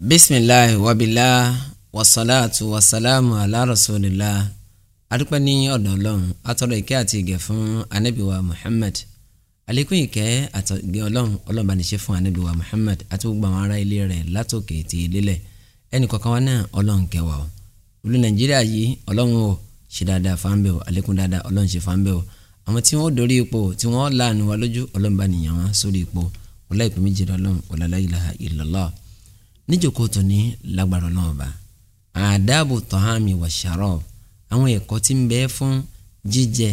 bisimilahi wabila wasalaatu wasalaamu ala rasulillah adúpẹ́ ní ọ̀dọ̀ ọlọ́run atọ́rọ ìkẹ́ àti ìgẹ̀ fún anabiwa muhammad àlékún ìkẹ́ àtọ̀gẹ́ ọlọ́run ọlọ́run bá ní ṣe fún anabiwa muhammad àti gbogbo àwọn ará ilé rẹ̀ látòkè tí ìlélẹ̀ ẹnì kọ̀ọ̀kan wa náà ọlọ́run kẹwà o olú nàìjíríà yìí ọlọ́run o ṣe dáadáa fáńbẹ́ o àlékún dáadáa ọlọ́run ṣe fáńbẹ́ o àwọn tí wọ́n dorí ipò tí wọ́n láàánú wa lójú ọlọ́run bá nìyàn wọn sórí ipò ọlá ìpè méjì lọ́lọ́run níjòkó tòní lágbára náà bá àdáàbò tọ́hámi wà ṣàrọ̀ àwọn ẹ̀kọ́ tí ń bẹ fún jíjẹ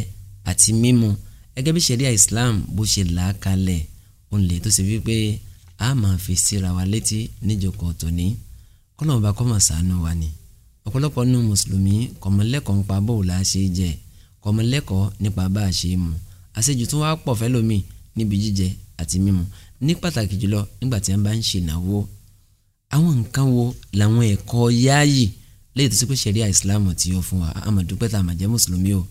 àti mímu gẹ́gẹ́ bí ṣẹ̀ríà Islam bó ṣe là á kalẹ̀ òun lè tó ṣe wípé a máa fi síra wa létí níjòkó tòní kọ́nà ọba kọ́ sànú wa ni ọ̀pọ̀lọpọ̀ nínú mùsùlùmí kọ̀mọ́lẹ́kọ̀ọ́ nípa bó la ṣe jẹ kọ̀mọ́lẹ́kọ̀ọ́ nípa bá a ṣe mu àṣejù tó wá pọ̀ fẹ́lómi níbi jíjẹ àti mímu ní pàtàkì jùlọ nígbà tí wọ́n bá ń ṣe ìnáwó àwọn nǹkan wo làwọn ẹ̀kọ́ yáàyì lẹ́yìn tó ṣe pé ṣẹ̀ríà ìsìláàmù ti yọ fún wa àmọ̀dúpẹ́ tá a mùsùlùmí o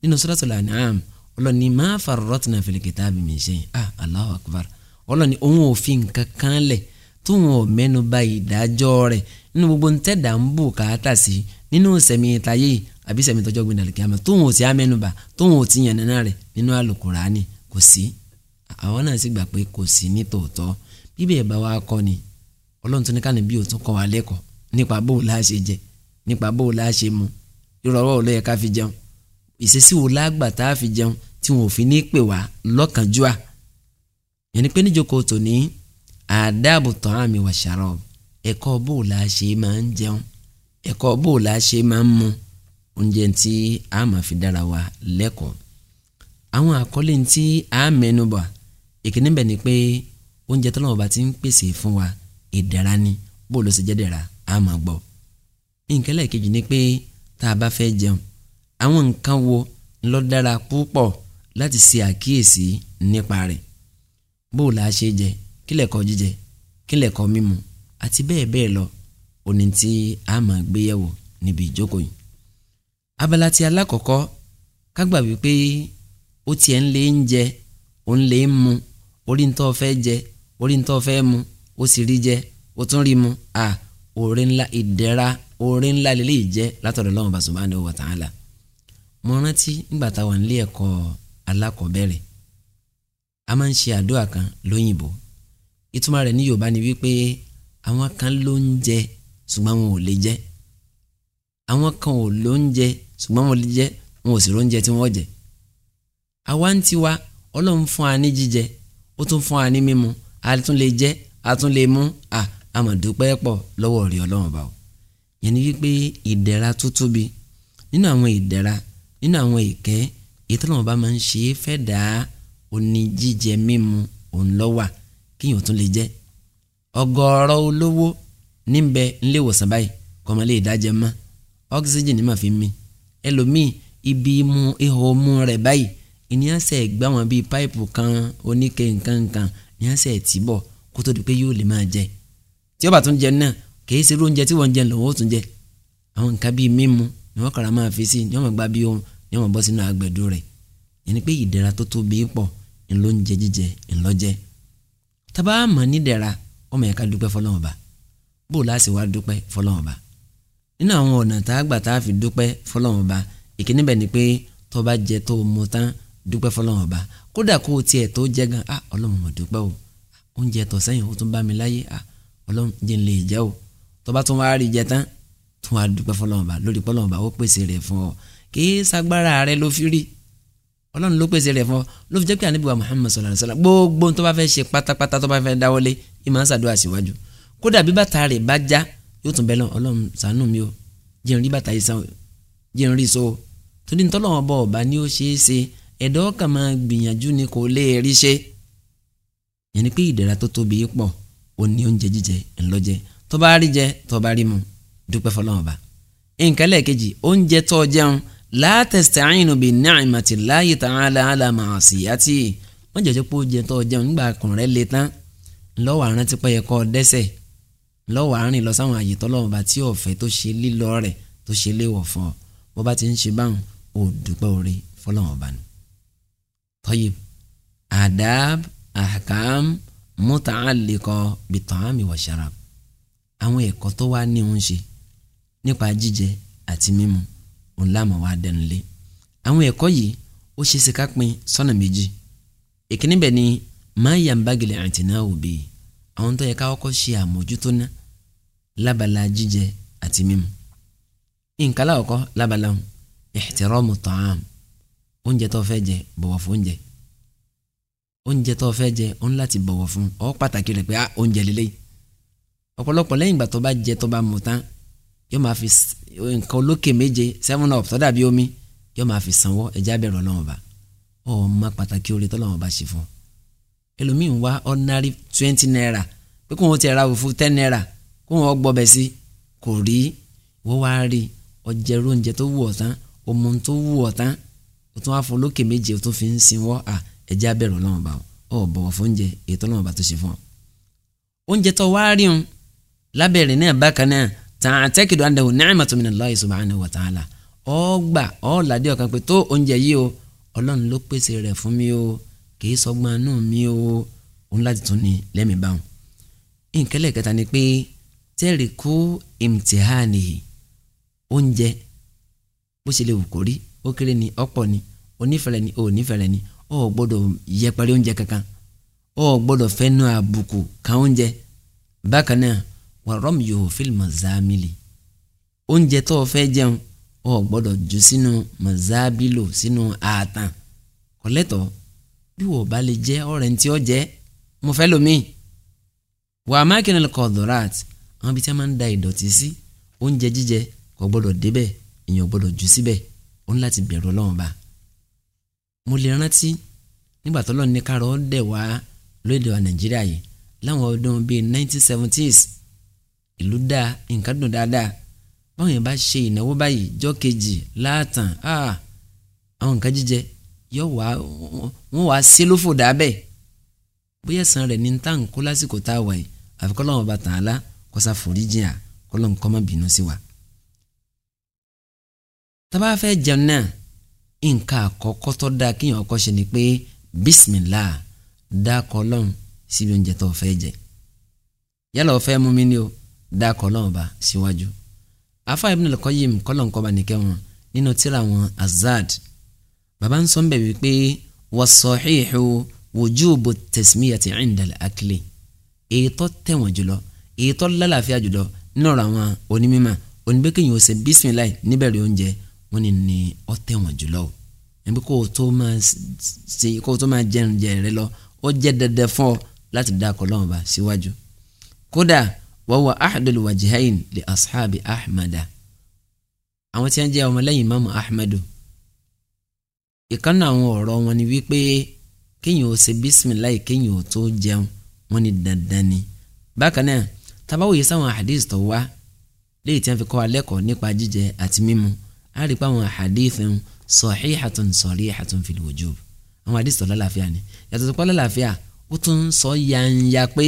nínú Suratul An'am ọlọ́ni máa farratna fil kitabi min shay ah Allahu akbar ọlọ́ni òun ò fi nǹkan kan lẹ̀ tó wọn ò mẹ́nu bà ìdájọ́ rẹ̀ nínú gbogbo ntẹ́dà ń bò káàtà sí nínú sẹ̀mí ìtayé àbí sẹ̀mí tọ́jọ́ gbin dàlùkì àmọ́ tó wọn ò sí amẹ́nu bà tó wọn ò ọlọ́run tún ní ká níbí òtún kọ́ wa lẹ́kọ̀ọ́ nípa bó o láṣẹ jẹ nípa bó o láṣẹ mu ìrọ̀rọ̀ ò lóye ká fi jẹun ìṣesí wo lágbà tá a fi jẹun tí wọn ò fi ní pè wá lọ́kànjúà yẹn ni pé níjókòó tòní àdáàbò tán àmì wà ṣàrọ̀ ẹ̀kọ́ bó o láṣẹ máa ń jẹun ẹ̀kọ́ bó o láṣẹ máa ń mu oúnjẹ tí a máa fi dára wa lẹ́kọ̀ọ́ àwọn àkọlé tí a mẹ́nu bà ìkíní bẹ̀ ni pé oúnjẹ tó ti ń pèsè fún wa ìdẹ̀ra ni bó ló ṣe jẹ́ dẹ̀ra a máa gbọ́. nǹkan lẹ́ẹ̀kejì ni pé tá a bá fẹ́ jẹun àwọn nǹkan wo ló dára púpọ̀ láti ṣe àkíyèsí nípa rẹ̀ bó la ṣe jẹ kí lẹ̀kọ́ jíjẹ kí lẹ̀kọ́ mímu àti bẹ́ẹ̀ bẹ́ẹ̀ lọ òní tí a máa gbé yẹ̀wò níbi ìjókòó yìí. abala ti alákọ̀ọ́kọ́ ká wípé ó tiẹ̀ ń lé ń jẹ ó ń ń mu orí ń tọ́ fẹ́ jẹ orí ń tọ́ fẹ́ mu ó sì rí jẹ ó tún rí mu à oore ńlá ìdẹ̀ra oore ńlá lè léyìí wa Ta'ala mo rántí nígbà táwa nílé ẹ̀kọ́ alákọ̀ọ́bẹ̀rẹ̀ a máa ń ṣe àdúrà kan lóyìnbó ìtumọ̀ rẹ̀ ní Yorùbá ni wípé àwọn kan ló ń jẹ ṣùgbọ́n wọn ò lè jẹ àwọn kan ò ló ń jẹ ṣùgbọ́n wọn ò lè jẹ wọn ò sì ló ń jẹ tí wọ́n jẹ àwa ń tiwa Ọlọ́run fún wa ní jíjẹ ó tún fún a tún a tún lè mú à amọ̀dúpẹ́ pọ̀ lọ́wọ́ rí ọlọ́run bá o yẹn ni wípé ìdẹ̀ra tó tóbi nínú àwọn ìdẹ̀ra nínú àwọn ìkẹ́ èyí tọ́lọ́run bá máa ń ṣe é fẹ́ dà á oní jíjẹ mímu òun lọ́wà kíyàn tún lè jẹ́ ọ̀gọ̀ọ̀rọ̀ olówó níbẹ̀ nílé ìwòsàn báyìí kọ́ máa lè dájẹ́ mọ́ ọ́gísíjìn ni màá fi mí ẹlòmíì ibi imú ihò imú rẹ̀ báyìí ìníyànsẹ̀ gbá wọn bíi páìpù kan oníke nkankan tìbọ̀ kó tó di pé yóò lè máa jẹ tí ó bá tún jẹ náà kìí ṣe oúnjẹ tí wọ́n ń jẹ lọ́wọ́ tún jẹ àwọn nǹkan bíi mímu ni wọ́n kàrà máa fi sí ni wọ́n máa gbá bí ohun ni wọ́n máa bọ́ sínú agbẹ̀dù rẹ̀ ẹni pé ìdẹ̀ra tó tóbi pọ̀ ńlọ ń jẹ jíjẹ ńlọ jẹ tábà mọ̀ nídẹ̀ra ọmọ ẹ̀ka dúpẹ́ fọlọ́wọ́n bá bó láti wá dúpẹ́ fọlọ́wọ́n bá nínú àwọn ọ̀nà tá a gbà tá a fi dúpẹ́ fọlọ́wọ́n bá ìkíní bẹ̀ ni pé tó bá jẹ tó mu tán dúpẹ́ fọlọ́wọ́n bá kódà kó o tiẹ̀ tó jẹ gan ah ọlọ́run mo dúpẹ́ o oúnjẹ tọ̀sẹ́yìn ó tún bá mi láyé à ọlọ́run jẹ́ ń lè jẹ́ o tó bá tún wá rí jẹ tán tún wá dúpẹ́ fọlọ́mọba lórí pọ́lọ́mọba ó pèsè rẹ̀ fún ọ kìí sagbára rẹ ló fi rí ọlọ́run ló pèsè rẹ̀ fún ọ ló fi jẹ́ pé ànábì wa Muhammad sallallahu alaihi wasallam gbogbo tó bá fẹ́ ṣe pátápátá tó bá fẹ́ dáwọ́lé ìmọ̀ ṣàdúrà síwájú kódà bí bàtà rẹ̀ bá já yóò tún bẹ́ẹ̀ lọ ọlọ́run ṣàánú mi o jẹ́ n rí bàtà yìí sàn jẹ́ n rí so torí ntọ́lọ́wọ́n bọ̀ ọ̀bá ni ó ṣeé ṣe ẹ̀dọ́ kàn máa gbìyànjú ni kò lè rí ṣe yẹn ni pé ìdẹ̀ra tó tóbi pọ̀ ó ní oúnjẹ jíjẹ ńlọ́jẹ tó bá rí jẹ tó bá rí mu dúpẹ́ fọlọ́wọ́n bá nǹkan lẹ́ẹ̀kejì oúnjẹ tó jẹun látẹ̀sítàáyìn bí nàìmàtì láàyè tàn án láàlà màá sì àti wọ́n jẹ́jọ́ pé oúnjẹ tó jẹun nígbà kan rẹ̀ le tán lọ́wọ́ àrùn ti pẹ́ yẹ kọ́ dẹ́sẹ̀ lọ́wọ́ àárín lọ sáwọn àyè tọ́lọ́wọ́n bá tí ọ̀fẹ́ ahkam mutaalliqa bitaami wa sharab àwọn ẹ̀kọ́ tó wá ní òun ṣe nípa jíjẹ àti mímu òun láàmú wa dẹnu lé àwọn ẹ̀kọ́ yìí ó ṣe ṣe ká pín sọ́nà méjì ìkíní bẹ̀ ni máa yàn bágìlẹ̀ àǹtí náà ò àwọn tó yẹ ká kọ́kọ́ ṣe àmójútó ná lábala jíjẹ àti mímu nǹkan láwọ̀kọ́ lábala ihtiram ta'am oúnjẹ tó fẹ́ jẹ bọ̀wọ̀ fún oúnjẹ oúnjẹ tó fẹ́ jẹ òun láti bọ̀wọ̀ fún ọ pàtàkì rẹ̀ pé á ah, oúnjẹ lélẹ̀ ọ̀pọ̀lọpọ̀ lẹ́yìn ìgbà tó bá jẹ tó bá mu tán yóò máa fi nǹkan olókè méje seven up tó dàbí omi yóò máa fi sanwó ẹ̀já bẹ̀rẹ̀ ọlọ́wọ́n ba ọ ma pàtàkì orí tọ́lọ́wọ́n ba ṣe fún ẹlòmíín wá ordinary twenty naira pé kóun ti ra òfu ten naira kóun ọ gbọ́ bẹ̀ sí kò rí wọ́n wá rí ọjẹ́ oúnjẹ tó wù ọ́ tán òmùn tó wù ọ́ òtún wá fún olókè méje òtún fi ń sin wọ́ à ah, ẹjẹ́ abẹ́rù ọlọ́run bá ọ bọ̀wọ̀ fóúnjẹ ètò ọlọ́run bá tó ṣe fún ọ. oúnjẹ tó wá rí un lábẹ́rẹ̀ náà bákan náà tàn àtẹ́kìdọ̀ àdàwọ̀ ni'matun minallahi subhanahu wa ta'ala ọ gbà ọ làdí ọ̀kan pé tó oúnjẹ yìí o ọlọ́run ló pèsè rẹ̀ fún mi o kì í sọgbọ́n inú mi o òun láti tún ni lẹ́mìí báwọn. ìkẹlẹ̀ kẹta ni pé tẹ́rì kú imtihani oúnjẹ bó ṣe lè wù kórí ó kéré ni ọ̀pọ̀ ni onífẹ̀rẹ̀ ni ònífẹ̀rẹ̀ ni ọ gbọ́dọ̀ yẹpẹrẹ oúnjẹ kankan ọ gbọ́dọ̀ fẹnu àbùkù kan oúnjẹ bákan náà wàrọm yòó fílmù zámìlì oúnjẹ tó o fẹ́ jẹun ọ gbọ́dọ̀ jù sínú mọ̀zábìlò sínú ààtàn kọ́lẹ́tọ̀ bí wò bá lè jẹ́ ọ̀rẹ́ ntí ọ jẹ́ mo fẹ́ lomi wàá mákìnnì kọ̀dọ̀rát àwọn ibi tí a máa ń da ìdọ̀tí sí oúnjẹ jíjẹ kò gbọ́dọ̀ débẹ̀ èèyàn gbọ́dọ̀ jù síbẹ̀ ó ní láti bẹ̀rù Ọlọ́run bá a mo lè rántí nígbà tó lọ́ọ̀ ní kárọ̀ dẹ̀ wá lóde wa nàìjíríà yìí láwọn ọdún bíi 1970s ìlú dá nǹkan dùn dáadáa báwọn yẹn bá ṣe ìnáwó báyìí jọ́ kejì láàtàn ah, àwọn nǹkan jíjẹ yóò wá wọn wá sí lófò dábẹ́ bóyá san rẹ̀ ní tá à ń kó lásìkò tá a wà yìí àfi kọ́ lọ́wọ́ bá tàn án lá kó sá forí jìn à kọ́ lọ́n kọ́ má bínú sí wa. tá jẹun náà nǹkan àkọ́kọ́ tó dáa kéèyàn kọ́ ṣe ni pé bísímìlá dákọ̀ ọlọ́run síbi oúnjẹ tó fẹ́ jẹ yálà ó fẹ́ mú mi ní o dákọ̀ ọlọ́run bá síwájú afa Ibn al-Qayyim kọ́lọ́n kọ́ bá nìkẹ́ wọn nínú tírà wọn azad baba ń sọ ń bẹ̀ wípé was-sahihu wujubu tasmiyati 'inda al-akli tẹ̀wọ̀n jùlọ èyí lálàáfíà jùlọ nínú ọ̀rọ̀ àwọn onímọ̀ oníbẹ̀kẹ́yìn ó wọ́n ni ní ọ tẹ̀wọ̀n jùlọ o ẹbí kó o tó máa ṣe kó o tó máa jẹun jẹun rẹ lọ ó jẹ́ dandan fún ọ láti dá akọ lọ́wọ́ bá síwájú kódà wọ́n wọ ahadul wajihain li ashabi ahmada àwọn tí wọ́n jẹ́ ọmọlẹ́yìn imamu ahmadu ìkànnì àwọn ọ̀rọ̀ wọn ni wípé kéèyàn ò ṣe bísímìláì kéèyàn ò tó jẹun wọn ni dandan ni bákan náà tabawo yìí sáwọn hadith tó wá léyìí tí wọ́n fi kọ́ alẹ́kọ̀ọ́ nípa jíjẹ àti mímu a rí i pé àwọn àhàdíìsì ń sahihatun sarihatun fil wujub àwọn àdìsí ọ̀la làáfíà ni yàtọ̀ sí pọ́lá làáfíà ó tún sọ yanya pé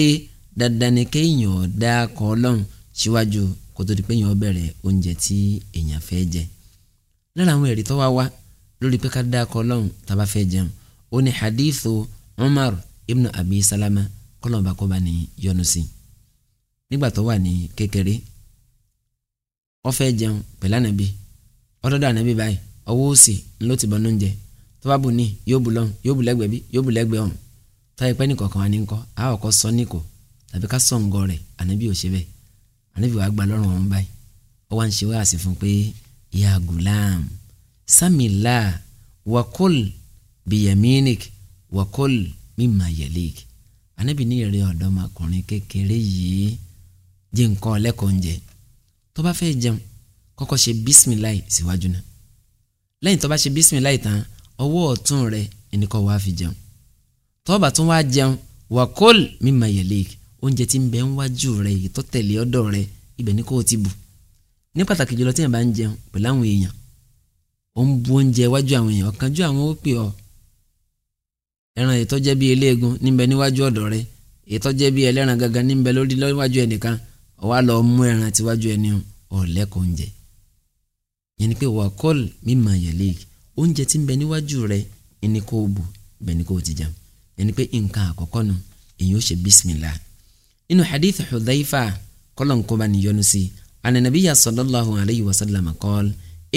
dandan ni kéèyàn dá kọ́ ọlọ́run síwájú kó tó di pé èèyàn bẹ̀rẹ̀ oúnjẹ tí èèyàn fẹ́ jẹ lára àwọn ẹ̀rí tó wá wá lórí pé ká dá kọ́ ọlọ́run tá a bá fẹ́ jẹun ó ní hadithu Umar ibn Abi Salama kọ́lọ́mbà kọ́ba ni yọnu sí nígbà tó wà ní kékeré ó fẹ́ jẹun pẹ̀lú ànábì ọdọdọ ànábì báyìí ọwọ́ òsì ńlọ ti bọ́nú oúnjẹ tó bá bù ní yóò bù lọ́hùn yóò bù lẹ́gbẹ̀ẹ́ bí yóò bù lẹ́gbẹ̀ẹ́ ọ̀hún táyà pẹ́ nìkọ̀kan wa ní nkọ́ a ò kọ́ sọ níkò tàbí ká sọ ǹgọ́ rẹ̀ ànábì ò ṣe bẹ́ẹ̀ ànábì wàá gba lọ́rùn ọ̀hún báyìí ó wá ń ṣe wáàsí fún pé ya gulam samila wakol biyaminik wakol mimma yalik ànábì ní ìrẹ́ ọ̀dọ́mọkùnrin kékeré yìí jẹ́ nǹkan ọlẹ́kọ̀ọ́ oúnjẹ tó bá kọ́kọ́ ṣe bísímìláì síwájú náà lẹ́yìn tó bá ṣe bísímìláì tán ọwọ́ ọ̀tún rẹ ẹni kó wá fi jẹun tó bá tún wá jẹun wàkọ́l mimma yalik oúnjẹ tí ń bẹ ń wájú rẹ èyí tó tẹ̀lé ọ̀dọ̀ rẹ ibẹ̀ ni kó o ti bù ní pàtàkì jùlọ tí yẹn bá ń jẹun pẹ̀lú àwọn èèyàn ó ń bu oúnjẹ wájú àwọn èèyàn ọ̀kan ju àwọn ó pè ọ́ ẹran ètò jẹ́ bí eléegun níbẹ̀ níwájú ọ̀dọ̀ rẹ ètò jẹ́ bí ẹlẹ́ran gangan níbẹ̀ lórí lọ́wájú ẹnìkan ó wá mú ẹran tiwájú ẹni ọ̀lẹ́kọ̀ọ́ oúnjẹ yẹn ni pé wàkọ́l mimma yalik oúnjẹ tí ń bẹ níwájú rẹ ẹni kò bù bẹ́ẹ̀ ni kò ti jẹun yẹn ni pé nǹkan àkọ́kọ́ nu èyí ó ṣe bismillah nínú hadith Hudhayfa kọ́lọ̀nkọ́ba níyọnu sí ananabiya sallallahu alayhi wa sallam kọ́l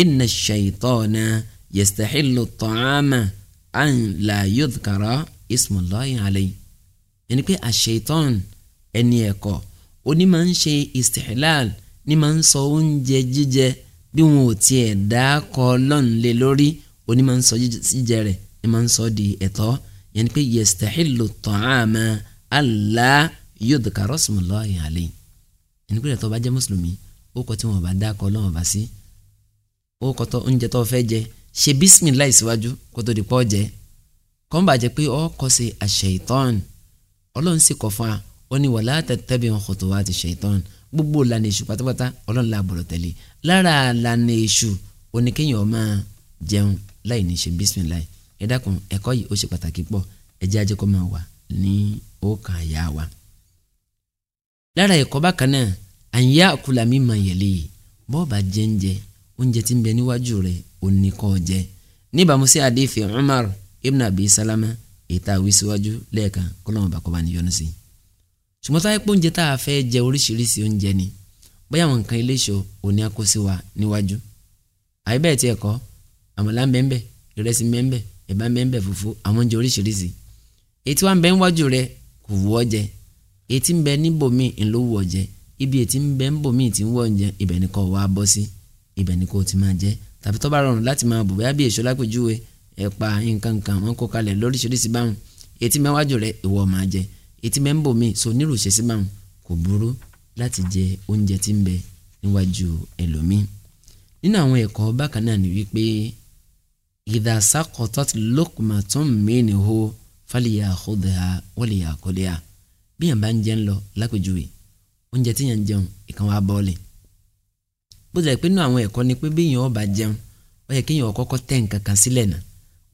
inna shaytana yastahilu ta'ama an la yudhkara ismullahi alayhi yẹn ni pé àṣeyitọ́n ẹni ẹ̀kọ́ oní ń ṣe istihlal ní máa ń sọ oúnjẹ jíjẹ bí wọn ò tiẹ̀ dá kọ ọlọ́run lé lórí oní máa ń sọ jíjẹ rẹ̀ ni máa ń sọ di ẹ̀tọ́ yẹn ni pé yastahillu ta'ama alla yudhkara ismullahi alayhi ẹni pé ẹ̀tọ́ bá jẹ́ mùsùlùmí ó kọ tí wọn bá dá kọ ọlọ́run bá sí ó kọ tó oúnjẹ tó fẹ́ jẹ ṣe bísímìláì síwájú kó tó di pọ́ jẹ kọ́ńbà jẹ́ pé ó kọ́ sí àṣẹ ìtọ́n ọlọ́run sì kọ̀ fún wa ó ní wala tattabi'u khutuwati shaytan gbogbo ìlànà èṣù pátápátá ọlọ́run la bọ̀rọ̀ tẹ̀lé lára ìlànà èṣù oníkéyàn ọmọ jẹun láì ní ṣe bísímìláì ẹ dákun ẹ̀kọ́ yìí ó ṣe pàtàkì pọ̀ ẹ jẹ́ ajẹ́kọ́ máa wà ní òkà àyà wa. lára ẹ̀kọ́ bákan náà àyà àkùlà mi máa yẹ̀lẹ̀ yìí bọ́ọ̀bà jẹ́ńjẹ oúnjẹ tí ń bẹ níwájú rẹ̀ oníkọ́ jẹ níbàámu sí àdéhìfẹ́ Umar ibn Abi Salama ètò àwísíwájú lẹ́ẹ̀kan kọ́lọ́mọba kọ́ba níyọnu sí i ṣùgbọ́n tó ayé pé oúnjẹ tá a fẹ́ jẹ oríṣiríṣi oúnjẹ ni bóyá àwọn nǹkan iléeṣọ òní akó sí wa níwájú àyè bẹ́ẹ̀ tiẹ̀ kọ́ àmàlà ńbẹ́ńbẹ́ ìrẹsì ńbẹ́ńbẹ́ ẹ̀bà ńbẹ́ńbẹ́ fùfú àwọn oúnjẹ oríṣiríṣi ètí wa ń bẹ níwájú rẹ kò wù ọ́ jẹ ètí ń bẹ níbòmíì ń ló wù ọ́ jẹ ibi ètí ń bẹ níbòmíì tí ń wù ọ́ ibẹ̀ ni kò wá bọ́ sí ibẹ̀ ni kò ti máa jẹ tàbí tó bá rọrùn láti máa bù bẹ́ẹ̀ bí èso lápèjúwe ẹ̀pà nǹkan nǹkan wọn kó kalẹ̀ lóríṣiríṣi báwọn ètí mẹ́wájú rẹ ìwọ máa jẹ etí mẹ́ńbò mi so nírò ṣe sí márùn kò burú láti jẹ oúnjẹ tí ń bẹ níwájú ẹlòmíì nínú àwọn ẹ̀kọ́ bákan náà ni wípé ìdàsákọ̀tọ́ lókùmàtún mìíní ho fàlìyà àkọ́dà wọ́lìyà àkọ́dà bí yàn bá ń jẹun lọ lápèjúwe oúnjẹ tí yàn ń jẹun ìkan wá bọ́ọ̀lì bó tilẹ̀ e pé nínú àwọn ẹ̀kọ́ ni pé bí yàn ó bá jẹun ó yẹ kí yàn ó kọ́kọ́ tẹ̀ nǹkan kan sílẹ̀ náà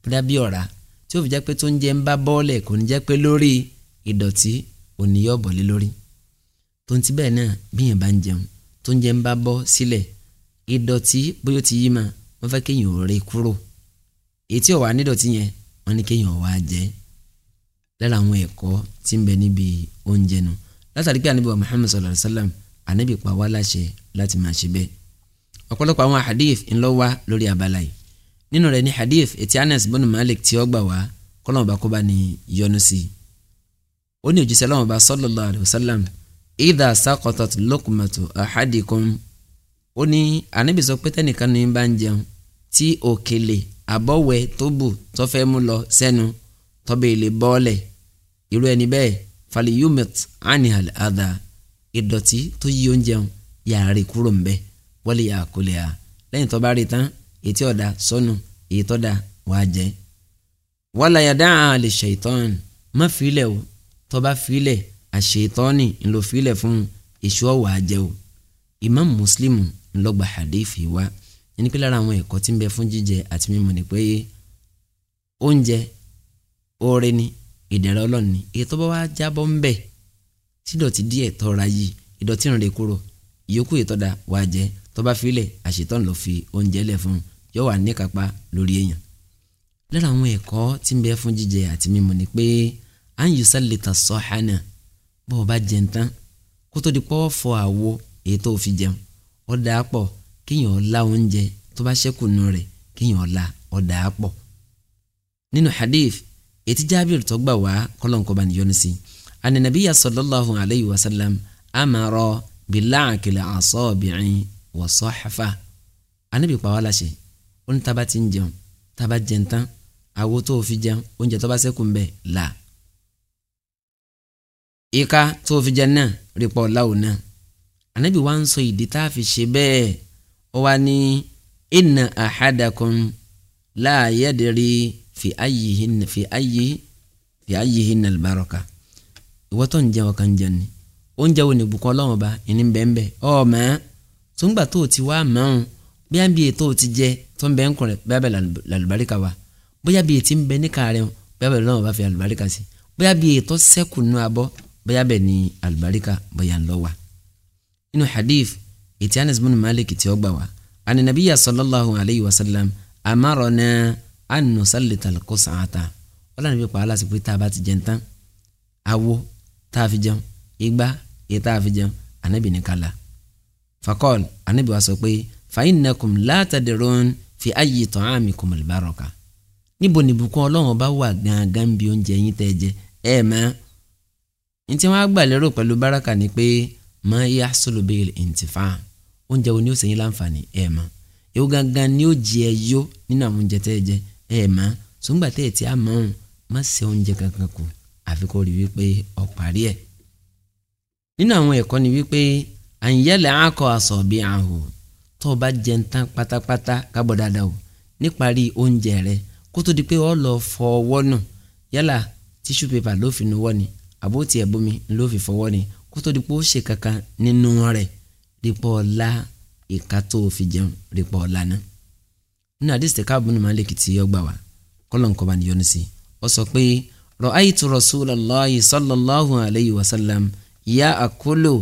bóyá bí ọ̀rá tí ó fi jẹ́ pé tó ń jẹ ń bá bọ́ọ̀lì kò ní jẹ́ pé lórí ìdọ̀tí òní yóò bọ̀ lé lórí tó ń ti bẹ́ẹ̀ náà bíyàn bá ń jẹun tó ń jẹun bá bọ́ sílẹ̀ ìdọ̀tí bóyá ó ti yí ma wọ́n fẹ́ kéèyàn ò rè kúrò èyí tí nídọ̀tí yẹn wọ́n ní kéèyàn ò wá lára àwọn ẹ̀kọ́ tí ń bẹ níbi oúnjẹ nu látàrí pé ànábì wa Muhammad sallallahu alayhi wa sallam ànábì pa wá láṣẹ láti máa ṣe bẹ́ẹ̀ ọ̀pọ̀lọpọ̀ àwọn hadith ńlọ wá lórí abala yìí nínú rẹ̀ ní hadith etí Anas bin Malik tí ó gbà wá kọ́nà ọba kó bá ní yọ́nú sí i ó ní òjíṣẹ́ Ọlọ́run bá sallallahu alayhi wa sallam idha saqatat luqmatu ahadikum ó ní ànábì sọ pé tẹ́nìkan ní bá ń jẹun tí òkèlè àbọ̀wẹ̀ tó bù tó fẹ́ mú lọ sẹ́nu tọ́bẹ̀ lè bọ́ọ̀lẹ̀ irú ẹni bẹ́ẹ̀ falyumit anihal adha ìdọ̀tí tó yí oúnjẹun yàrá rẹ̀ kúrò ńbẹ̀ wọlé yà kó lè ha lẹ́yìn tó bá rí tán ètí ọ̀dà sọnù èyí tó wàá jẹ́ wàlàyàdá àlè ṣèitán má fi ilẹ̀ o tọ́ba filẹ̀ àṣetọ́ni ńlọ filẹ̀ fún èṣù ọ̀wà àjẹwò imam muslim ńlọgba hadithi wa ẹni pé lára àwọn ẹ̀kọ́ tí ń bẹ fún jíjẹ àti mímu ni pé oúnjẹ oore ni ìdẹ̀ra Ọlọ́run ni èyí tó bá wá jábọ́ ń bẹ̀ tí ìdọ̀tí díẹ̀ tọ́ra yìí ìdọ̀tí rìn lè kúrò ìyókù ìtọ́da wàá jẹ tó bá filẹ̀ àṣetọ́ni lọ fi oúnjẹ lẹ̀ fún yóò wà níkápá lórí èèyàn lára àwọn ẹ̀kọ́ tí ń bẹ fún jíjẹ àti mímu ni pé à ń yusalli ta sọ́hánà bó o bá jẹun tán kó tó di pọ́wọ́ fọ àwo èyí tó fi jẹun ó dàá pọ̀ kéèyàn la oúnjẹ tó bá ṣẹ́kù nù rẹ̀ kéèyàn la ó dàá pọ̀. nínú hadith ètí jábìrì tó gbà wá kọ́lọ́nkọ́ bá níyọ́nù sí ànànàbíyà sallallahu alayhi wa sallam amara bilaakili asọ́bìrin wà sọ́hafa anabi pa wá láṣẹ ó ní ti ń jẹun tá jẹun tán àwo tó fi jẹun oúnjẹ tó bá ṣẹ́kù ń bẹ̀ la ìka tó fi jẹ náà rí pọ̀ láwò náà ànábì wa ń sọ ìdí tá a fi ṣe bẹ́ẹ̀ ó wá ní inna ahadakum la yadri fi ayyihin fi ayyi fi ayyihin albaraka ìwọ tó ń jẹ ọkàn ń jẹ ni oúnjẹ wo ni bùkọ́ ọlọ́run ọba ìní bẹ́ẹ̀nbẹ́ ọ̀ọ́mọ́ tó ń gbà tó o ti wá mọ́ọ́n bóyá bí ètò ti jẹ tó ń bẹ ń kùnrin bóyá bẹ́ẹ̀ làlùbáríkà wa bóyá bí ètí ń bẹ níkàárẹ̀ bóyá bẹ́ẹ̀ lọ́run ọba fi làlùbáríkà sí bóyá bí ètò sẹ́kù nù abọ́ bóyá bẹ́ẹ̀ ni àlùbáríkà bóyá ń lọ wa. inú hadith ètí anas bin malik tí ó gbà wá àni nabiya sallallahu alayhi wa sallam amarona anu salita kusata wọ́n lànà bí pa aláṣẹ pé tá a bá ti jẹun tán awo tá a fi jẹun igba èyí tá a fi jẹun anabi ní kala fakọl anabi wa sọ pé fàyínnakum látàdìrún fi ayyi ta'amikum albaraka níbo nìbùkún ọlọ́run bá wà gángan bí oúnjẹ yín tẹ́ jẹ ẹ̀ máa ní tí wọ́n á gbà lérò pẹ̀lú báràkà ni pé mọ iye asolobil ntifa oúnjẹ wo ni ó ṣe láǹfààní ẹ̀ mọ́ èwo gangan ni ó jẹ ẹ nínú àwọn oúnjẹ tẹ́ ẹ jẹ sóńgbà ẹ ti á òun má se oúnjẹ kankan kù àfi rí wípé ọ parí nínú àwọn ni wípé àyẹ̀lẹ̀ akọ aṣọ bí àhò tó o bá jẹ ń pátápátá kábọ̀ dáadáa rẹ kó ọ lọ fọ ọwọ́ nù yálà tíṣù pépà ló ni àbótí ẹ̀ bómi ló fi fọwọ́ ni kó tó di pé ó ṣe kankan nínú rẹ̀ rípọ̀ ọ̀la ìka tó fi jẹun rípọ̀ ọ̀la náà. nínú àdìsítẹ̀ káàbùn ní Malik tí ó gbà wá kọ́lọ̀ǹkọ́ bá níyọ́nù sí ó sọ pé ra'aytu Rasulallahi sallallahu alayhi wa sallam ya akulu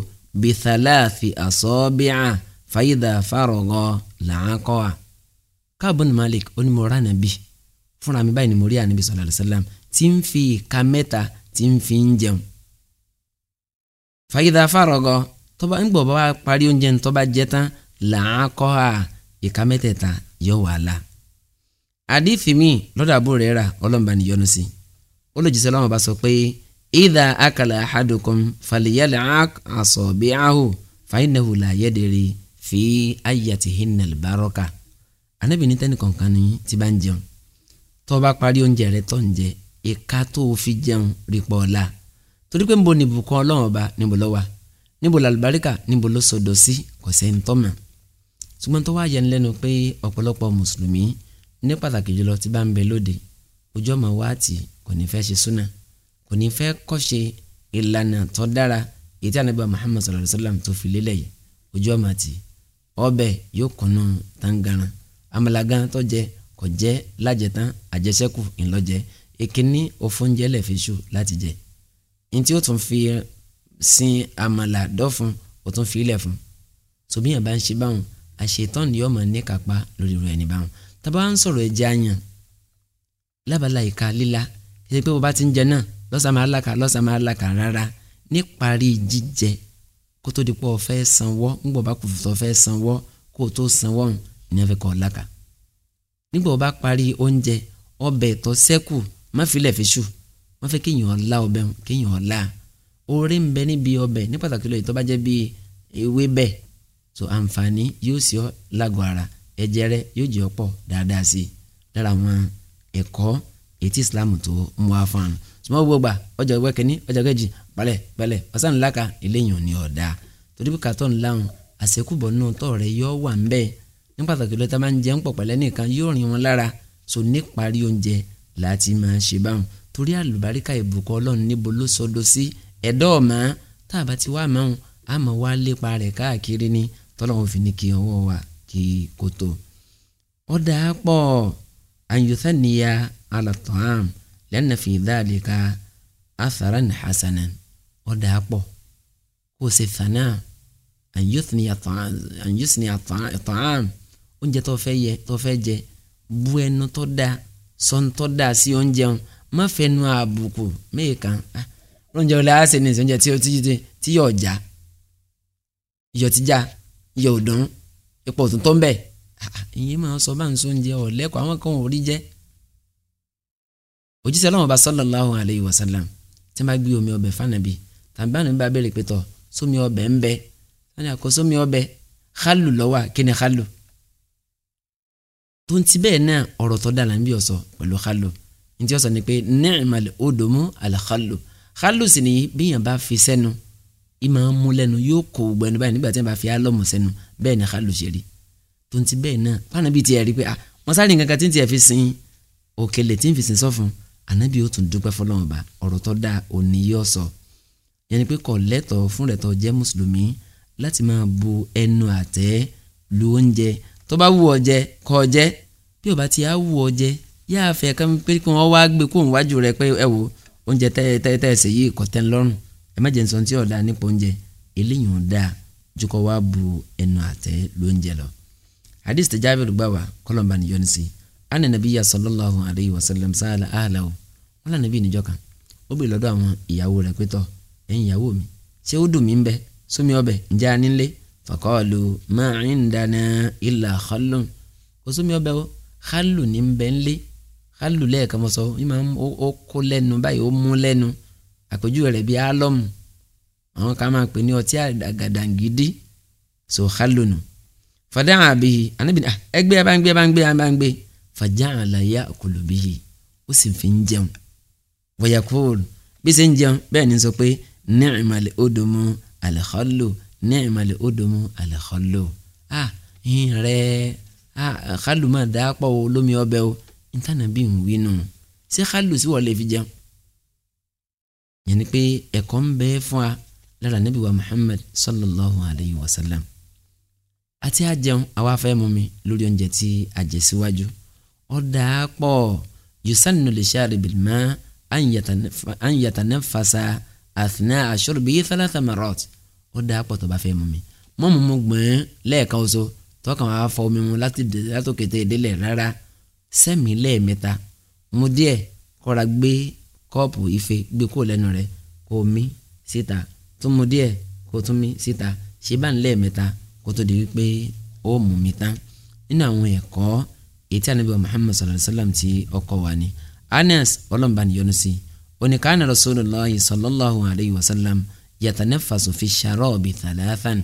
bi thalathi asabi'a fa idha faragha la'aqa'a. káàbùn ní Malik ó ní mo rà nàbí fúnra mi báyìí ni mo rí ànábì sallallahu alayhi wa sallam tí ń fi ìka mẹ́ta tí ń fi ń jẹun. fàyídà fàrọ̀gọ tó bá ń gbọ̀ bá parí oúnjẹ tó bá jẹ tán là á kọ́ à ìka mẹ́tẹ̀ẹ̀ta yọ wàhálà. àdìfì mi lọ́dọ̀ àbúrò rẹ̀ rà ọlọ́mọba níyọnu sí i ó lọ́wọ́ bá sọ pé ìdá akàlà ahadukum fàlìyàlẹ̀ àṣọ̀bí fàyínàhù là fi ayàtì hinnal baraka. anábìíní tẹ́nìkọ̀ọ̀kan ni ti bá ń jẹun tó parí oúnjẹ rẹ̀ tó ń jẹ ìka tó o fi jẹun rí pọ̀ ọ̀la torí pé níbo nìbùkún ọlọ́run ọba níbo ló wà níbo làlùbáríkà níbo ló sọdọ̀ sí kò sẹ́ni tọ́mà ṣùgbọ́n tó wá yẹn lẹ́nu pé ọ̀pọ̀lọpọ̀ mùsùlùmí ní pàtàkì jùlọ tí bá ń bẹ lóde ojú ọmọ wa tì kò ní fẹ́ ṣe súnà kò ní fẹ́ kọ́ṣe ìlànà tó dára èyí tí anábìá Muhammad sallallahu alayhi wa sallam tó fi lélẹ̀ yìí ojú ọmọ tì ọbẹ̀ yóò kùnú tangaran amalagan tó jẹ kò jẹ́ lájẹtán àjẹsẹ́kù ńlọ́jẹ́ ìkíní òfúnjẹ lẹ́fíṣù láti jẹ ní tí ó tún fi sin àmàlà dọ́fun ó tún fi ilẹ̀ fún tòbí yẹn bá ń ṣe báwọn àṣetán ni yọ̀ọ́ mọ̀ ní kápá lórí rẹ̀ ní báwọn tábà ń sọ̀rọ̀ ẹ̀jẹ̀ àyàn lábàlá ìka líla ṣe pé bó bá ti ń jẹ náà lọ́sàá máa láka lọ́sàá máa láka rárá níparí jíjẹ kó tó di pọ̀ fẹ́ sanwó ńgbọ̀ bá kùfùtọ̀ fẹ́ sanwó kó tó sanwó ní ẹ̀fẹ̀ kọ̀ láka nígbà bá parí oúnjẹ ọbẹ̀ tó ṣẹ́kù má filẹ̀ fi ṣù má fẹ́ kéèyàn ọ̀la ọbẹ̀ kéèyàn ọ̀la orí ń bẹ níbi ọbẹ̀ ní pàtàkì lóye tó bá jẹ́ bí ewé bẹ̀ so àǹfààní yóò sì ọ́ lágọ̀ ara ẹ̀jẹ̀ rẹ yóò jẹ́ ọ̀pọ̀ dáadáa sí i lára àwọn ẹ̀kọ́ ètí Islam tó ń wá fún un sùmọ́ gbogbo gbà ọjà ìwé kẹ́ni ọjà kejì balẹ̀ balẹ̀ ọ̀sán ńláka eléyàn ni ọ̀dà torí bí kàtọ́ ńláhùn àṣekúbọ̀ náà tọ̀ rẹ̀ yọ wà ń bẹ́ẹ̀ ní pàtàkì lọ́tà máa ń jẹun pọ̀ pẹ̀lẹ́ nìkan yóò rìn wọn lára so níparí oúnjẹ láti máa ṣe báwọn torí àlùbáríkà ìbùkún ọlọ́run níbo ló sọdọ sí ẹ̀dọ́ ọ̀mà tá a bá ti wá àmọ́ àmọ́ wá lépa rẹ̀ káàkiri ni tọ́lọ́run fi ní kí ọwọ́ wa kí kòtò. ọ̀dà pọ̀ anyuthaniya alatọ́ham lẹ́nà fi dhalika atharan hasanan ọ̀dà pọ̀ kó o ṣe fana anyuthaniya tọ́ham oúnjẹ tó fẹ́ jẹ bú ẹnu tó dáa sọ́ńtọ́ dà sí oúnjẹ wọn má fẹnu àbùkù mẹ́ẹ̀kan ah. oúnjẹ wọn láàṣẹ ní ìsọ̀njẹ tí ó ti ti ti yọ̀ já iyọ̀ ti já iyọ̀ òdùn ipò òtún tó ń bẹ̀ ìyẹn máa sọ bá ń sóúnjẹ ọ̀lẹ́kọ̀ọ́ àwọn kan ò rí jẹ́ òjíṣẹ́ ọlọ́run ọba sallallahu alayhi wa sallam tí wọ́n gbé omi ọbẹ̀ fànàbí tàbí bá bá bẹ̀rẹ̀ pẹ̀tọ̀ sómi ọbẹ̀ ń bẹ wọ́n ní àkó sómi ọbẹ̀ hálù lọ́wọ́ kí ni hálù tó ń ti bẹ́ẹ̀ náà ọ̀rọ̀ tó dára ń bí ọ̀sọ̀ pẹ̀lú xalo ntí ọ̀sọ̀ ni pé ni'mal odomu alxalo xalo sì ni bíyàn bá fi sẹ́nu ìmọ̀ ń mú lẹ́nu yóò kó gbẹnu báyìí nígbà tí wọ́n bá fi álọ́mù sẹ́nu bẹ́ẹ̀ ni xalo ṣe rí tó ń ti bẹ́ẹ̀ náà pàánà bíi tiẹ̀ rí pé ah wọ́n sáré nǹkan kan tí ń tiẹ̀ fi sin òkèlè tí ń fi sin sọ́fun bu ẹnu àtẹ́ tó bá wù ọ jẹ kọ ọ jẹ bí ọba ti á wù ọ jẹ yá àfẹ kan pé kí wọn wá gbé kóun wájú rẹ pé ẹ wò oúnjẹ tẹ́ẹ̀tẹ́ẹ̀sẹ̀ yìí kò tẹ́ ń lọ́rùn ẹ má jẹ́ nsọ́n tí ọ̀dà nípa oúnjẹ eléyìí ò dáa jùkọ́ wá bu ẹnu àtẹ́ lóúnjẹ lọ. hadith tẹ Jabir gbà wá kọlọmba ni yọ́n sí ana nabiyya sallallahu alayhi wa sallam sa'ala ahlahu wọn là nàbí níjọ́ kan ó bèrè lọ́dọ̀ àwọn ìyàwó rẹ̀ pé tọ́ ẹ̀yin ìyàwó mi ṣé ó dùn mí ń bẹ sómi ọbẹ̀ ǹjẹ́ a fàkọọlù máa ń dáná ilà xalùn kò sómi ọbẹ̀ o xalù ní ń bẹ́ ń lé xalù lẹ́ẹ̀kan mọ́ sọ ìmọ̀ ó kó lẹ́nu báyìí ó mú lẹ́nu àpèjúwe rẹ̀ bí álọ́mù àwọn kan máa pè ní ọtí àgàdàǹgídí so xalù nù fàdé àwọn àbí anábì náà ah, ẹgbẹ́ abáǹgbé abáǹgbé abáǹgbé fàjà àlàyé àkùlù bíyì ó fi ń jẹun wọ̀yà kúrò bí sẹ́ ń ni sọ pé ní ìmàlẹ́ ó dùn mọ́ àlẹ́ xalù ní àyìnmalè ó domo àlẹ́kọ́lò a ń rẹ a kálù máa dá pọ̀ o lómi ọbẹ̀ o nítaná bí ń wí nù ṣé kálù sí wọ́n lè fi jẹun. yẹn ni pé ẹ̀kọ́ ń bẹ fún wa lára Nábì wa Muhammad sallallahu alayhi wa sallam àti àjẹun àwa fẹ́ mú mi lórí oúnjẹ tí a jẹ síwájú ọ̀dà pọ̀ yusannu lisharibil ma an yatanafasa athna ashurbihi thalatha marat ó dá pọ̀ tó bá fẹ́ mu mi mọ́ mu mu gbọ̀n lẹ́ẹ̀kan oṣù tọkàn wàá fọ omi mu láti látòkété ìdílẹ̀ rárá sẹ́mi lẹ́ẹ̀mẹ́ta mu díẹ̀ kọ́ra gbé kọ́ọ̀pù ife gbé kó lẹ́nu rẹ̀ kó mi síta tún mu díẹ̀ kó tún mi síta ṣe bá ń lẹ́ẹ̀mẹ́ta kó tó di wípé ó mú mi tán nínú àwọn ẹ̀kọ́ ètí ànábì Muhammad sallallahu alayhi wa sallam ti ọkọ wa ni Anas ọlọ́mùbániyọ́nu sí oníkàánà Rasulullahi sallallahu alayhi wa sallam yatanafasu fi sharabi thalathan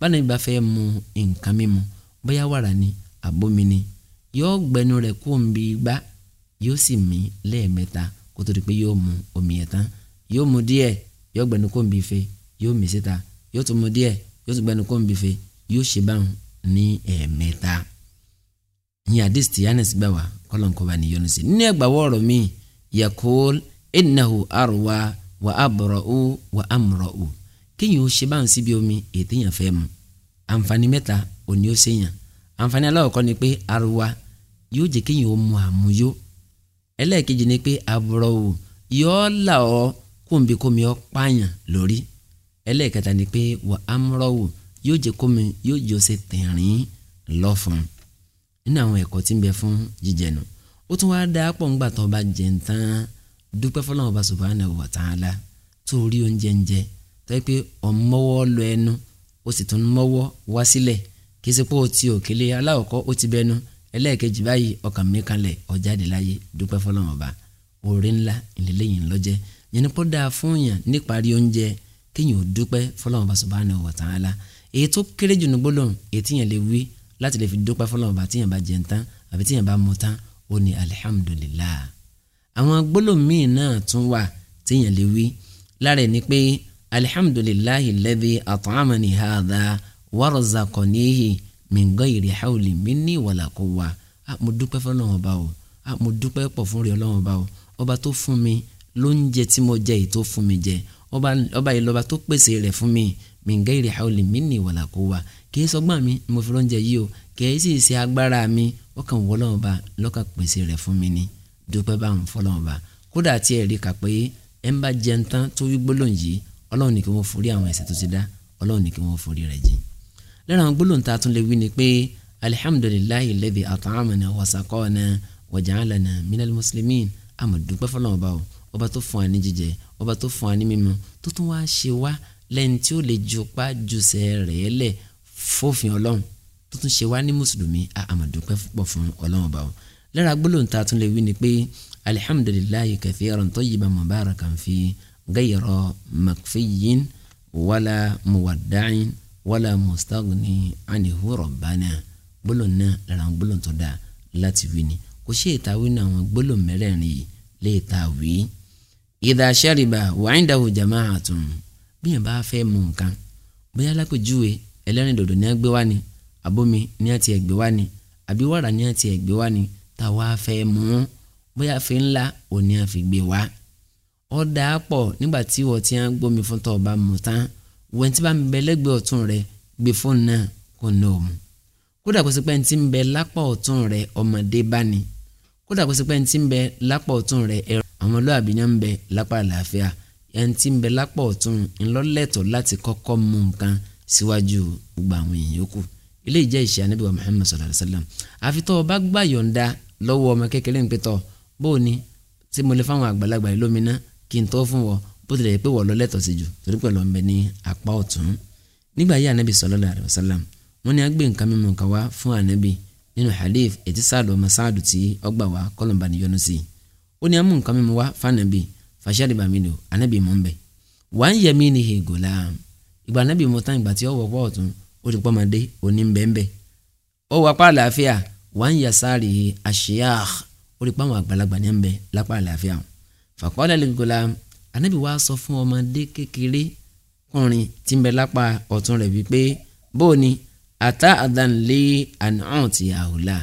báni bá fẹ́ mu nǹkan mímu bóyá wàrà ni àbómi ni yóò gbẹnu rẹ̀ kó ń bi gbá yóò sì mí lẹ́ẹ̀mẹ́ta kó tó di pé yóò mu omi yẹn tán yóò mu díẹ̀ yóò gbẹnu kó ń bi fe yóò mí síta yóò tún mu díẹ̀ yóò tún gbẹnu kó ń bi fe yóò ṣe báwọn ní ẹ̀ẹ̀mẹ́ta ní hadith tí Anas bá wà kọ́lọ́nkọ́ba níyọnu sí nínú ẹgbàá wọ́ọ̀rọ̀ mi yakul innahu arwa wà á bọ̀rọ̀ ó wà á mọ̀rọ̀ ó kéèyàn ó ṣe báwọn síbi omi èyí téèyàn fẹ́ mu àǹfààní mẹ́ta òní ó ṣèyàn àǹfààní aláwọ̀kọ́ ni pé aruwa yóò jẹ́ kéèyàn ó mu àmúyó ẹlẹ́ẹ̀kejì ni pé àbúrò ó yọ́ là ọ́ kóńbi kómi ọ́ pààyàn lórí ẹlẹ́ẹ̀kẹta ni pé wà á mọ̀rọ̀ ó yóò jẹ́ kómi yóò jọ ṣe tẹ̀rín lọ́fun nínú àwọn ẹ̀kọ́ tí ń bẹ fún jíjẹ nù ó tún wáá dá pọ̀ ńgbà tó bá jẹun tán dúpẹ́ fọlọ́wọ́n bá subhanahu wa ta'ala tó rí oúnjẹ ń jẹ tó yẹ pé ọ̀mọ́wọ́ lọ ẹnu ó sì tún mọ́wọ́ wá sílẹ̀ kì í ṣe pé o ti òkèlè aláwọ̀kọ́ ó ti bẹnu ẹlẹ́ẹ̀kejì báyìí ọkàn mi kalẹ̀ ọ̀jáde láyé dúpẹ́ fọlọ́wọ́n bá oore ńlá ìlélẹ́yìn lọ́jẹ́ yẹn ni kó dáa fún yàn níparí oúnjẹ kéèyàn ò dúpẹ́ fọlọ́wọ́n bá subhanahu wa ta'ala èyí tó kéré jù ní gbólóhùn àwọn gbólómìn náà tún wà téèyàn lè wí lára ẹ̀ ni pé alihamdulilayi lẹ́bi àtọ́hámani hàdá wàrọ̀zàkọ̀níhì mìngọ́ ìrì haúlì mí ní ìwàlàkọ̀ wa mo dúpẹ́ fọlọ́run ọba o mo dúpẹ́ pọ̀ fún rí ọlọ́run ọba o ọba tó fún mi lóúnjẹ tí mo jẹ ètò fún mi jẹ ọba ìlọba tó pèsè rẹ̀ fún mi mìngọ́ ìrì haúlì mí ní ìwàlàkọ̀ wa kìí sọgbọ́n mi mo fi lóúnjẹ yìí o kìí sì ṣe agbára mi ọkàn wọlọ́run ọba lọ́kàn pèsè rẹ̀ fún mi ni dúpẹ́ bá ń fọlọ́run bá kódà tí ẹ̀ rí kà pé ẹ̀ ń bá jẹun tán tó wí gbólóhùn yìí ọlọ́run ní kí wọ́n forí àwọn ẹ̀ṣẹ̀ tó ti dá ọlọ́run ní kí wọ́n forí rẹ̀ jìn lára àwọn gbólóhùn tá a tún lè wí ni pé alihamudulilayi lẹ́bi àtàwọn wasakọ́ọ̀nà wàjàlánà minal muslimin àmọ́ dúpẹ́ fọlọ́run bá o ọba tó fún wa ní jíjẹ ọba tó fún wa ní mímu tó tún wá ṣe wá lẹ́ni tí ó lè jupa jùsẹ̀ rẹ̀ lẹ̀ fófin ọlọ́run tó tún ṣe wá ní mùsùlùmí àmọ́ dúpẹ́ púpọ̀ fún ọlọ́run bá o lára gbólóhùn tá a tún lè wí ni pé alihamdulilayi kathiran tayyiban mubarakan fi ghayra makfiyin wala muwadda'in wala mustaghni anhu rabbana gbólóhùn náà lára gbólóhùn tó dáa láti wí ni kò ṣe ìtawí náà àwọn gbólóhùn mẹ́rẹ̀ẹ̀rin yìí lè ta wí. ìdá aṣáriba wàhíndàwò jama'atun bíyàn bá fẹ́ mú nǹkan bóyá lápèjúwe ẹlẹ́rìndòdò ní agbé ni àbómi ní àti ẹ̀gbẹ́ ni àbí wàrà ní àti ẹ̀gbẹ́ ni táwa fẹ́ mú bóyá fi ńlá òní àfi gbé wá ọ̀dà pọ̀ nígbà tí wọ́n ti ń gbómi fún tọ́ ọba mu tán wọ́n ti bá ń bẹ lẹ́gbẹ̀ẹ́ ọ̀tún rẹ gbé fóònù náà kò ná o mu kódà kó sì pé ní ti ń bẹ lápá ọ̀tún rẹ ọmọdé bá ní kódà kó sì ní ti ń bẹ lápá ọ̀tún rẹ ẹ̀rọ àwọn ọlọ́àbí náà ń bẹ lápá àlàáfíà ẹni tí ń bẹ lápá ọ̀tún ńlọ́lẹ́tọ̀ láti kọ́kọ́ mú nǹkan síwájú gbogbo àwọn èèyàn yòókù ilé ìjẹ́ ìṣe anábìwá Muhammad sallallahu alayhi wa sallam àfitọ́ ọba gbà yọ̀ǹda lọ́wọ́ ọmọ kékeré ń pétọ́ bóò ni tí mo lè fáwọn àgbàlagbà yìí lómìnà kí n tó fún wọ bó tilẹ̀ pé wọ́n lọ lẹ́tọ̀ sí jù torí pẹ̀lú ọmọ ní apá ọ̀tún nígbà yìí anabi sallallahu alaihi wasallam wọ́n ní a gbé nǹkan mímu kan wá fún anabi nínú hadith ètí sáàdù ọmọ sáàdù tí ọgbà wá kọlọmbà ni yọnu sí i ó ní a mú nǹkan mímu wá fànàbì fàṣàdìbà mi lò anabi wọ́n yà sáré àṣeyàh ó rí pàmò àgbàlagbà ní ẹ̀mbẹ́ lápá àlàáfíà fàkọ́lẹ̀ lẹ́gọ́lá anábì wa sọ fún ọmọdé kékeré kùnrin tí ń bẹ lápá ọ̀tún rẹ̀ wípé bóò ni ata àdánlé àníhàn ti àhùlà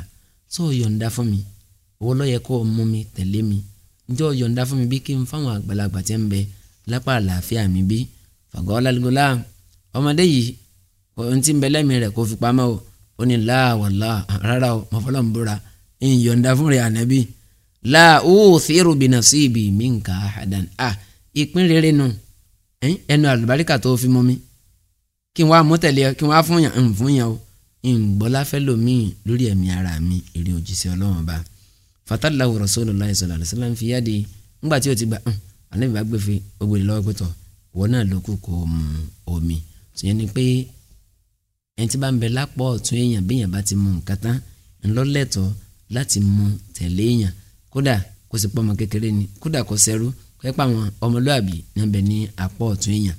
tó o yọ̀ǹda fún mi owó lọ́yẹ kó o mú mi tẹ̀lé mi njẹ́ o yọ̀ǹda fún mi bí kí n fáwọn àgbàlagbà tí ń bẹ lápá àlàáfíà mi bí fàkọ́lẹ̀ lẹ́gọ́lá ọmọdé yìí ohun tí ń bẹ lẹ́mìí rẹ̀ kó fi pamọ́ ó ní láàwọ̀lá rárá o mọ̀ fọlọ́n búra ìyọ̀ǹda fún rẹ̀ ànábì láàwùsírù bìnà sí ibi mi nǹka àdán à ah, ìpín rere nu ẹnu àlùbáríkà tó fi mọ́ mi kí n wá mú tẹ̀lé kí n wá fún yàn ń fún yàn o ìgbọ́láfẹ́ lòmíì lórí ẹ̀mí ara mi èrè òjíṣẹ́ ọlọ́run ba fatalawo Rasulullahi sallallahu alaihi wasallam fi yáde ńgbà tí o ti gba ànábì bá gbé fi ogbèrè lọ́wọ́ pẹ̀tọ̀ wọ́n náà lókù kò omi sìyẹn ni pé ẹni tí bá ń bẹ lápọ̀ ọ̀tún èèyàn bí èèyàn bá ti mu nǹkan tán ńlọ́lẹ́tọ̀ láti mu tẹ̀lé èèyàn kódà kó sì pọ́ ọmọ kékeré ni kódà kó sẹ́rú pẹ́pẹ́ àwọn ọmọlúàbí ní abẹ ní apọ̀ ọ̀tún èèyàn.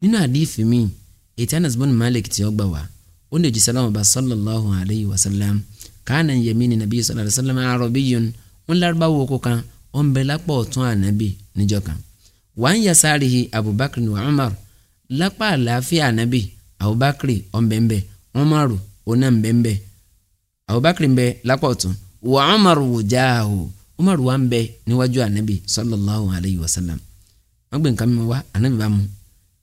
nínú àdìfì mi ètí Anas bọ́n Malik tí ó wá ó lè jìṣẹ́ lọ́wọ́ bá sallallahu alayhi wa sallam káànà yẹmí ni nàbí sallallahu alayhi wa sallam arabiyyun wọn lárúbáwò oko kan ó ń bẹ lápá ọ̀tún ànábì níjọ́ Umar lápá àlàáfíà ànábì abubakari ọ̀nbẹ̀nbẹ̀ umaru onambẹ̀nbẹ̀ abubakari ń bẹ lápá ọ̀tún wa umaru wujahu umaru wa ń bẹ níwájú anabi sallallahu alayhi wa sallam wọ́n gbé nǹkan mímu wá anabi bá mu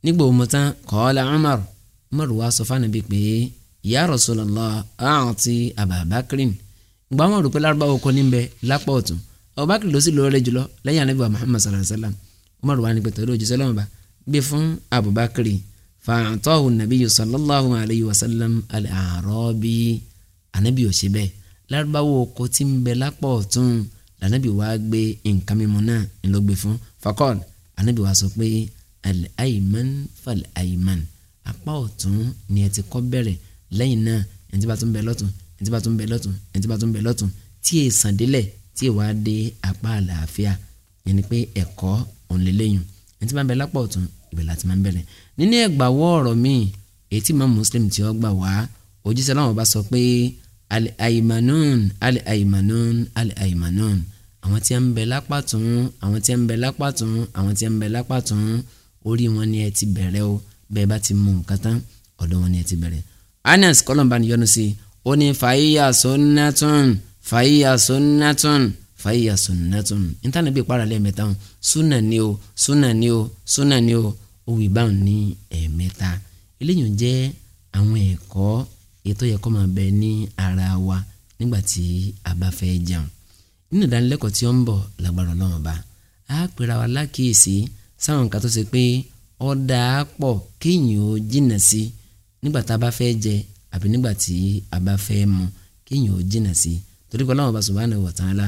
nígbà wo mo tán kọ́ọ́lá umaru umaru wa sọ fún anabi pé ya rasulallah a'ti ababakari gbọ́n wọn rò pé lárúbáwò kọ́ ní bẹ lápá ọ̀tún abubakari ló sì lọ́ọ́rẹ́ jùlọ lẹ́yìn anabi wa muhammad sallallahu alayhi wa sallam umaru wa ni pé tọ́lá òjíṣẹ́ lọ́wọ́ bá gbé fún abubakari fàtọ́hù nàbíyù sallallahu alayhi wa sallam al-Arabi ànábì ò ṣe bẹ́ẹ̀ lárúbáwò oko tí ń bẹ lápá ọ̀tún lànàbì wá gbé nǹkan mímu náà ńlọgbẹ fún fakọ́d ànábì wá sọ pé al-ayman fal-ayman apá ọ̀tún ni ẹ ti kọ́ bẹ̀rẹ̀ lẹ́yìn náà ẹni tí bá tún bẹ lọ́tún ẹni bá tún bẹ lọ́tún ẹni bá tún bẹ lọ́tún tí è sàn délẹ̀ tí è wá dé apá àlàáfíà yẹn ni pé ẹ̀kọ́ òǹlẹ́lẹ́yìn ẹni bá ń bẹ lápá ọ̀tún ibẹ̀ láti máa ń bẹ̀rẹ̀ nínú ẹgbàwọ́ ọ̀rọ̀ míì èyí tí Imam Muslim tí ó gbà wá òjíṣẹ́ láwọn bá sọ pé al-aymanun al-aymanun al-aymanun àwọn tí ń bẹ lápá tún àwọn tí ń bẹ lápá tún àwọn tí ń bẹ lápá tún orí wọn ni ẹ ti bẹ̀rẹ̀ o bẹ́ẹ̀ bá ti mú nǹkan ọ̀dọ̀ wọn ni ẹ ti bẹ̀rẹ̀ Anas kọ́lọ́mbà ni yọnu sí i ó ní fàáyà sunnatun fàáyà sunnatun fàyíyà sunnatun intanẹ́bí para lẹ́ẹ̀mẹ́ta o sunna ni o sunna ni o sunna ni o òwì báwọn ní ẹ̀ẹ̀mẹ́ta eléyìí ń jẹ́ àwọn ẹ̀kọ́ ètò yẹ kó máa bẹ ní ara wa nígbà tí a bá fẹ́ jẹun nínú ìdánilẹ́kọ̀ọ́ tí ó ń bọ̀ lágbára Ọlọ́run Ọba á pera wa lákìyèsí sáwọn nǹkan tó ṣe pé ọ̀dà pọ̀ kéèyàn ó jìnà sí nígbà tá a bá fẹ́ jẹ àbí nígbà tí a bá fẹ́ mu kéèyàn ó jìnà sí torí pé Ọlọ́run Ọba Subhanahu wa Ta'ala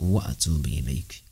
وأتوب إليك